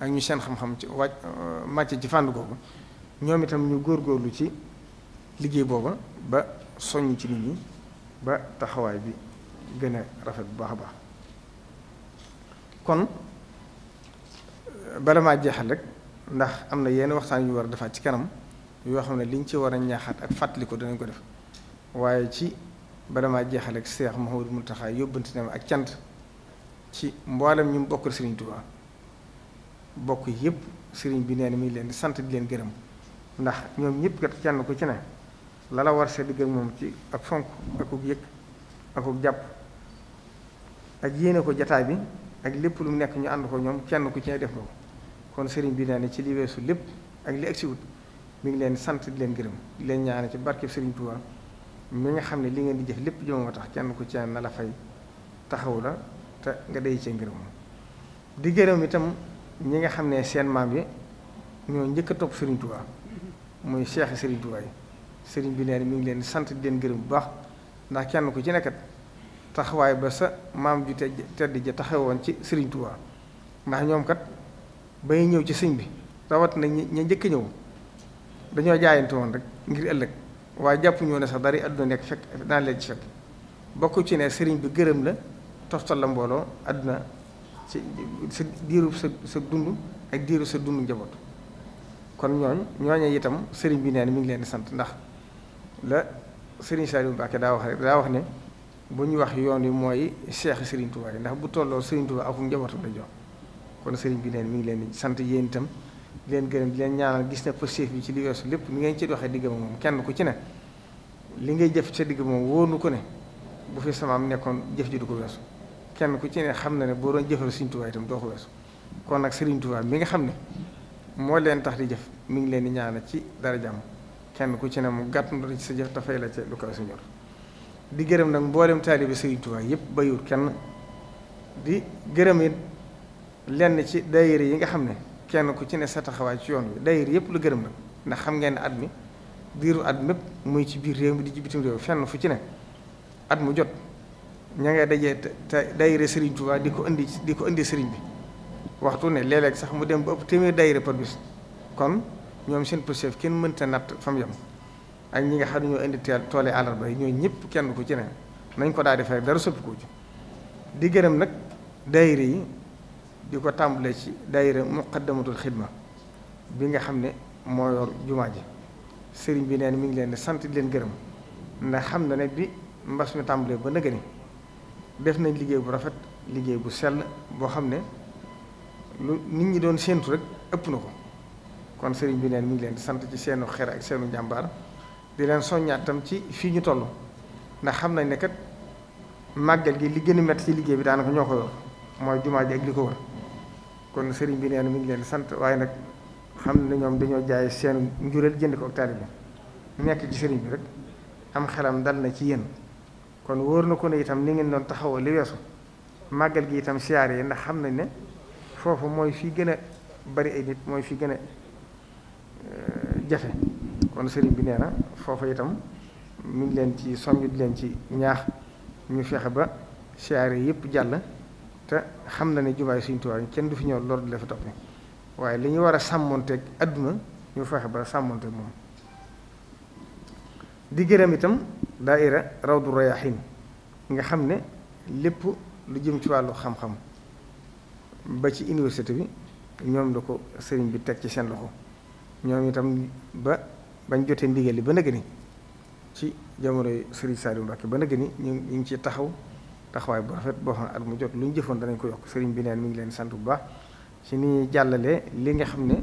ak ñu seen xam-xam ci wàcc euh, màcc ci fànn googu ñoom itam ñu góor góorlu ci liggéey booba ba soññ ci nit ñi ba taxawaay bi gën a rafet bu baax baax kon bala maa jeexal rek ndax am na yenn waxtaan yu war a defaat ci kanam yoo xam ne liñ ci war a ñaaxaat ak fàttali ko danañ ko def waaye ci bala maa jeexal rek Seex Mouhamadou Mountakha yóbbante na ma ak cant ci mboolem ñu bokkal Serigne Touba bokk yëpp sëriñ bi nee na mi leen sant di leen gërëm ndax ñoom ñëpp kat kenn ku ci ne la la war see digg ak moom ci ak fonk akuk yëg akuk jàpp ak yéene ko jataay bi. ak lépp lu mu nekk ñu ànd ko ñoom kenn ku ci ne def na kon sëriñ bi naa ne ci li weesu lépp ak li agsiwut mi ngi leen sant di leen gërëm leen ñaane ci barkeb sëriñ Tuubaa mi nga xam ne li ngeen di jëf lépp jëmoo tax kenn ku ci ne na taxaw la te nga day cee ngërëm di gërëm itam ñi nga xam ne seen maam yi ñoo njëkk a topp sëriñ Tuubaa muy seexi sëriñ Tuubaa yi sëriñ bi naa ne mi ngi leen sant di leen gërëm bu baax ndax kenn ku ci nekkat taxawaay ba sa maam ju tedd ja taxawoon ci Serigne Touba ndax ñoom kat bay ñëw ci sëñ bi rawat na ña njëkk ñëw dañoo jaayante woon rek ngir ëllëg waaye jàpp ñoo ne sax dari àdduna nekk fekk daan leen ci fekk bokk ci ne sëriñ bi gërëm la toftal la mbooloo àdduna ci diiru sa dund ak diiru sa dund njaboot kon ñooñ ñooñu itam sëriñ bi nee na mi ngi leen di sant ndax la sëriñ Saliou Mbacké daa wax rek daa wax ne bu ñu wax yoon wi mooy Cheikh Serigne Touba yi ndax bu tolloo Serigne Touba akum njabootam la jox kon Serigne bi neen mi ngi leen sant yéen itam leen gërëm di leen ñaanal gis na ko chef bi ci li weesu lépp ni ngeen ci waxee digg moom kenn ku ci ne li ngay jëf ca digg moom wóonu ko ne bu fi sama am nekkoon jëf ji du ko weesu kenn ku ci ne xam na ne boo doon jëfal Serigne Touba itam doo ko weesu kon nag Serigne Touba mi nga xam ne moo leen tax di jëf mu ngi leen di ñaanal ci dara jàmm kenn ku ci ne mu gàtt ci sa jëf dafay la ca lu ko suñor di gërëm nag mboolem taalibi Sëriñ Tuubaa yëpp bayut kenn di gërëm it lenn ci daayira yi nga xam ne kenn ku ci ne sa taxawaay ci yoon bi daayira yëpp lu gërëm nag ndax xam ngeen ne at mi diiru at mépp muy ci biir réew mi di ci bitim réew fenn fu ci ne at mu jot ña ngay dajee te daayira Sëriñ di ko indi di ko indi sëriñ bi waxtu ne léeg sax mu dem ba ëpp téeméer daayira par bis kon ñoom seen pëseef kenn mënta natt fa mu ak ñi nga xam ne ñoo indi teel tool yi àllarba yi ñooy ñëpp kenn ku ci ne nañ ko daal di fay dara soppi ko ci di gërëm nag daayira yi di ko tàmbalee ci daayira muqaddamatul xidma bi nga xam ne moo yor jumaa ji sëriñ bi neen mi ngi leen di sant di leen gërëm ndax xam na ne bi mbas mi tàmbalee ba nëgëni def nañ liggéey bu rafet liggéey bu sell boo xam ne lu nit ñi doon séentu rek ëpp na kon sëriñ bi neen mi ngi leen di sant ci seenu xer ak seenu njàmbaar di soññaatam ci fii ñu toll ndax xam nañ ne kat màggal gi li gën mett métti ci liggéey bi daanaka ñoo ko yor mooy jumaa ji ak li ko wër kon sëriñ bi nee na mi ngi leen sant waaye nag xam ne ñoom dañoo jaay seen njureel jënd ko ak taalibe bi nekk ci sëriñ bi rek am xelam dal na ci yéen kon wóor na ko ne itam ni ngeen doon taxawoo li weesu màggal gi itam siyaar yi ndax xam nañ ne foofu mooy fii gën a bari ay nit mooy fii gën a euh, jafe kon sëriñ bi neena na foofa itam mu leen ci soññ di leen ci ñaax ñu fexe ba siyaare yëpp jàll te xam na ne jubaay suñu tubaab kenn du fi ñëw lor di la fa toppee waaye li ñu war a sàmmonteeg àdduna ñu fexe ba sàmmonteeg moom. di gërëm itam raw du Rayaahiin nga xam ne lépp lu jëm ci wàllu xam-xam ba ci université bi ñoom da ko sëriñ bi teg ci seen loxo ñoom itam ba. bañ jotee ndigal li ba nëgg ni ci jamonoy Serigne Saliou Mbacké ba nëgg ni ñu ñu ngi ci taxaw taxawaay bu rafet ne at mu jot lu ñu jëfoon danañ ko yokk Serigne bi neen mi ngi leen sant bu baax ci ni jàllale li nga xam ne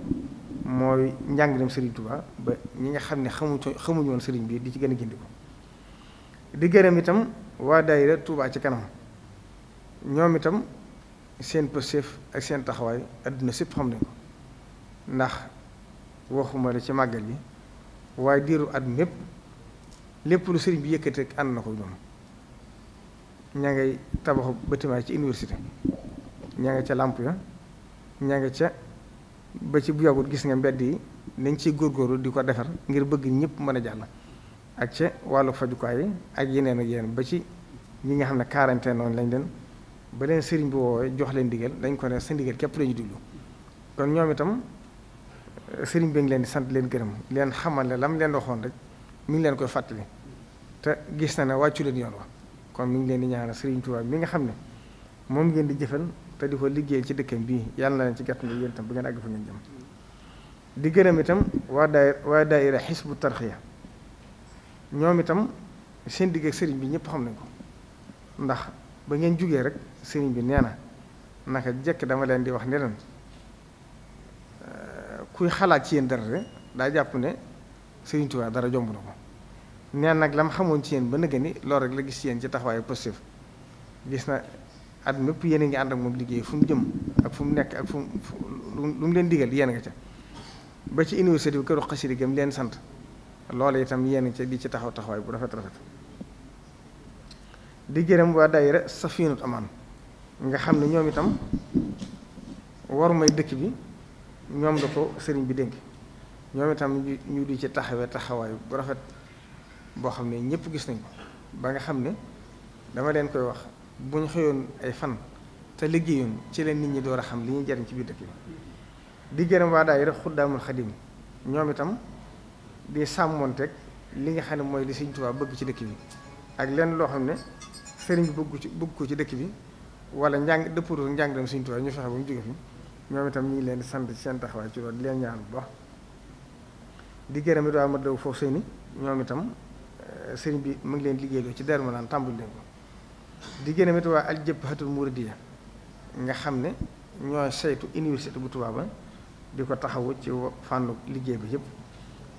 mooy njàngaleem Serigne tubaa ba ñi nga xam ne xamu xamuñu woon Serigne bi di ci gën a gindi ko di gërëm itam waa daayira tuubaa ci kanam ñoom itam seen pëstéef ak seen taxawaay adduna sépp xam nañ ko ndax waxuma la ci màggal bi waaye diiru at mépp lépp lu sëriñ bi yëkkati rek ànd na ko ñoom ña ngay tabaxu bâtiment ci université ña nga ca làmp ya ña nga ca ba ci bu yàggut gis nga mbedd yi nañ ciy góorgóorlu di ko defar ngir bëgg ñëpp mën a jàll ak ca wàllu fajukaay yi ak yeneen ak yeneen ba ci ñi nga xam ne quarantaine noonu lañ leen ba leen sëriñ bi woowee jox leen ndigal dañ ko ne sa ndigal képp lañu diglu kon ñoom itam sëriñ bi ngi leen di sant leen gërëm leen xamal ne lam leen waxoon rek mi ngi leen koy fàttali te gis na ne wàccu leen yoon wa kon mi ngi leen di ñaanal sëriñ Tuubaa mi nga xam ne moom ngeen di jëfal te di ko liggéey ci dëkkam bii yàlla na leen ci gàtt nga yéen tam bu ngeen àgg fa ngeen jëm. di gërëm itam waa daay waa daayira Xisbu Tarxiya ñoom itam seen digg ak sëriñ bi ñëpp xam nañ ko ndax ba ngeen jugee rek sëriñ bi nee na naka jekk dama leen di wax ne kuy xalaat ci yéen dara rek daa jàpp ne Sëriñ Tuubaa dara jomb na ko neen nag la mu xamoon ci yéen ba nëgë ni loolu rek la gis yéen ci taxawaayu positif gis na at mépp yéen a ngi ànd ak moom liggéey fu mu jëm ak fu mu nekk ak fu mu lu mu leen digal yéen nga ca ba ci université bi këru xasida gam leen sant loolu itam yéen ca di ci taxaw taxawaay bu rafet rafet di gërëm waa daayira Safinatu Amaan nga xam ne ñoom itam war dëkk bi ñoom la ko sëriñ bi dénk ñoom itam ñu di ci taxawee taxawaay bu rafet boo xam ne ñëpp gis nañ ko ba nga xam ne dama leen koy wax bu ñu xëyoon ay fan te liggéeyoon ci leen nit ñi door a xam li ñuy jariñ ci biir dëkk bi di gërëm waa daayira Xuddaamul Xadim ñoom itam di sàmmoonteeg li nga xam ne mooy li Sëriñ Tuubaa bëgg ci dëkk bi ak lenn loo xam ne sëriñ bi bëgg ci bëgg ko ci dëkk bi wala njàng dëppatoo njàng dem Sëriñ Tuubaa ñu fexe ba mu jóge fi ñoom itam ñu ngi leen di sant ci seen taxawaay ci loolu leen ñaan bu baax di gërëm it waa Matlaboul Fawzayni ñoom itam eh, sëriñ bi mu ngi leen liggéeyloo ci Darou Manane tàmbali leen ko di gërëm it waa al jabhatul muridiyya nga xam ne ñooy saytu université bu Tuubaa di ko taxawu ci fànnu liggéey bi yëpp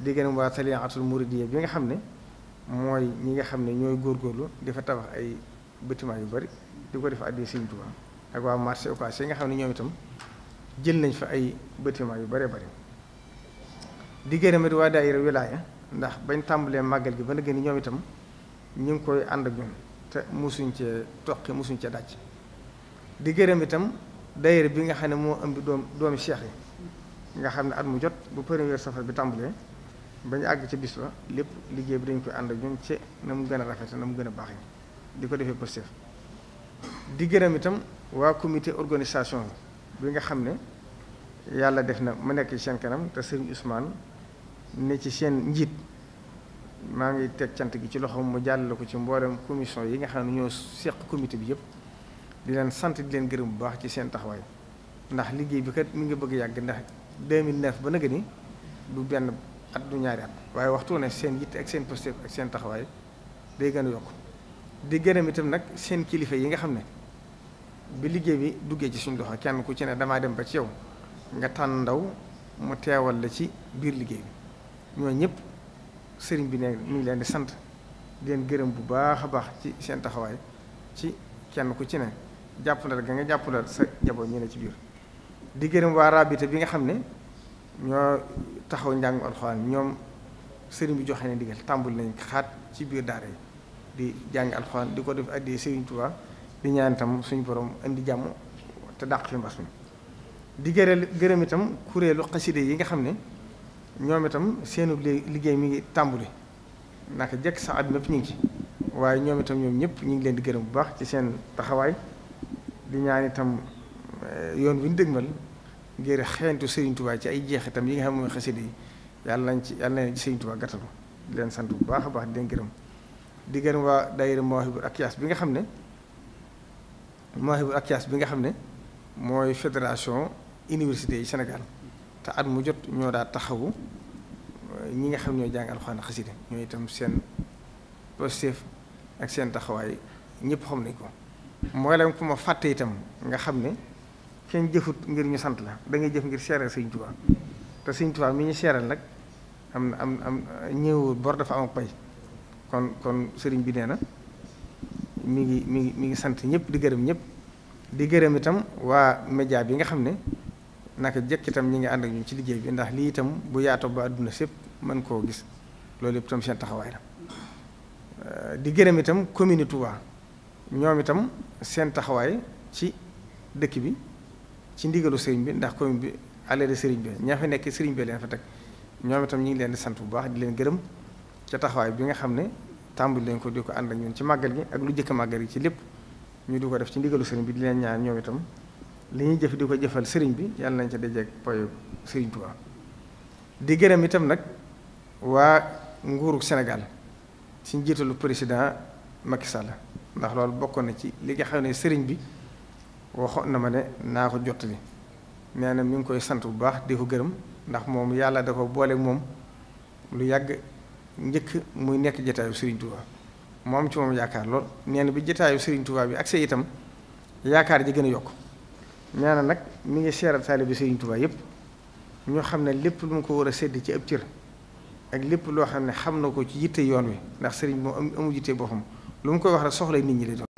di gërëm waa taliatul muridiyya bi nga xam ne mooy ñi nga xam ne ñooy góorgóorlu di fa tabax ay bâtiment yu bari di ko def addi sëriñ Tuubaa ak waa marché occasion yi nga xam ne ñoom itam jël nañ fa ay bâtiment yu bare bari di gërëm waa daayira wilaaya ndax bañ tàmbalee màggal gi ba na gën ñoom itam ñu ngi koy ànd ak ñun te musuñ cee toqi musuñ cee dàcc di gërëm itam daayira bi nga xam ne moo ëmb doom doomi cheikh nga xam ne at mu jot bu weer safar bi tàmbalee bañ àgg ci bis ba lépp liggéey bi dañ koy ànd ak ñun ci na mu gën a rafet na mu gën a baax di ko defee positif di gërëm itam waa comité organisation bi bi nga xam ne yàlla def na ma nekk ci seen kanam te seen Ousmane ne ci seen njiit maa ngi teg cant gi ci loxoom mu jàllale ko ci mboolem commission yi nga xam ne ñoo seq comité bi yëpp di leen sant di leen gërëm bu baax ci seen taxawaay ndax liggéey bi kat mi ngi bëgg yàgg ndax 2009 ba nag ni du benn at du ñaari waaye waxtu ne seen yitte ak seen posté ak seen taxawaay day gën a yokk di gërëm itam nag seen kilifa yi nga xam ne. bi liggéey bi duggee ci suñu loxo kenn ku ci ne damaa dem ba ci yow nga tànn ndaw mu teewal la ci biir liggéey bi ñooñu ñëpp sëriñ bi ne mi ngi leen di sant leen gërëm bu baax a baax ci seen taxawaay ci kenn ku ci ne jàppandal ga nga jàppandal sa njaboot ñu ci biir di gërëm waa rabita bi nga xam ne ñoo taxaw njàngu alxuraan ñoom sëriñ bi joxe ne ndigal tàmbul nañ xaat ci biir daara yi di jàng alxuraan di ko def addee sëriñ Tuubaa di ñaan itam suñu boroom indi jàmm te dàq fi mbas mi di gërëm gërëm itam kuréelu xaside yi nga xam ne ñoom itam seenu liggéey mi ngi tàmbuli naka jekk sax àdduna fi ñu ngi ci waaye ñoom itam ñoom ñëpp ñu ngi leen di gërëm bu baax ci seen taxawaay di ñaan itam eh, yoon wi ñu dëgmal ngir xeentu Serigne Touba ci ay jeex itam yi nga xam mooy xaside yi yàlla nañ ci yàlla nañ ci Serigne leen sant bu baax a baax di leen gërëm di gërëm waa daayira Mawahibou Akyas bi nga xam ne. Mawahibou Akyas bi nga xam ne mooy fédération université yi Sénégal te at mu jot ñoo daal taxawu eh, ñi nga xam ñoo jàng alxuraan xasida ñoo itam seen positif ak seen taxawaay ñëpp xam nañ ko mooy leen ku ma fàtte itam nga xam ne kenn jëfut ngir ñu sant la da ngay jëf ngir seeral Sëñ Tuubaa te Sëñ Tuubaa mi ñu seeral nag am na am am ñëw bor dafa am ak pay kon kon sëriñ bi nee na mi ngi mi ngi mi ngi sant ñëpp di gërëm ñëpp di gërëm itam waa média bi nga xam ne naka jekk itam ñi ngi ànd ak ñun ci liggéey bi ndax lii itam bu yaatoo ba àdduna sépp man koo gis loolu yëpp itam seen taxawaay la euh, di gërëm itam commune Touba ñoom itam seen taxawaay ci dëkk bi ci ndigalu sëriñ bi ndax commune bi àlleede sëriñ bi ñaa fa nekk sëriñ bi leen fa teg ñoom itam ñu ngi leen di sant bu baax di leen gërëm ca taxawaay bi nga xam ne tàmbali leen ko di ko ànd ak ñun ci màggal gi ak lu jëkk màggal gi ci lépp ñu di ko def ci ndigalu sëriñ bi di leen ñaan ñoom itam li ñuy jëf di ko jëfal sëriñ bi yàlla nañ ca dajeeg poyo sëriñ Tuubaa di gërëm itam nag waa nguuru Sénégal ci njiitalu président Macky Sall ndax loolu bokkoon na ci li nga xam ne sëriñ bi waxoon na ma ne naa ko jottali nee na mi ngi koy sant bu baax di ko gërëm ndax moom yàlla da ko booleeg moom lu yàgg. njëkk muy nekk jataayu Serigne Touba moom ci moom yaakaar lool nee na bi jataayu Serigne Touba bi ak see itam yaakaar ji gën a yokk nee na nag mu ngi seeral taalibe Serigne Touba yëpp ñu xam ne lépp lu mu ko war a sedd ci ab cër ak lépp loo xam ne xam na ko ci yitte yoon wi ndax Serigne moom amu yitte boppam lu mu koy wax rek soxla nit ñi lay doon.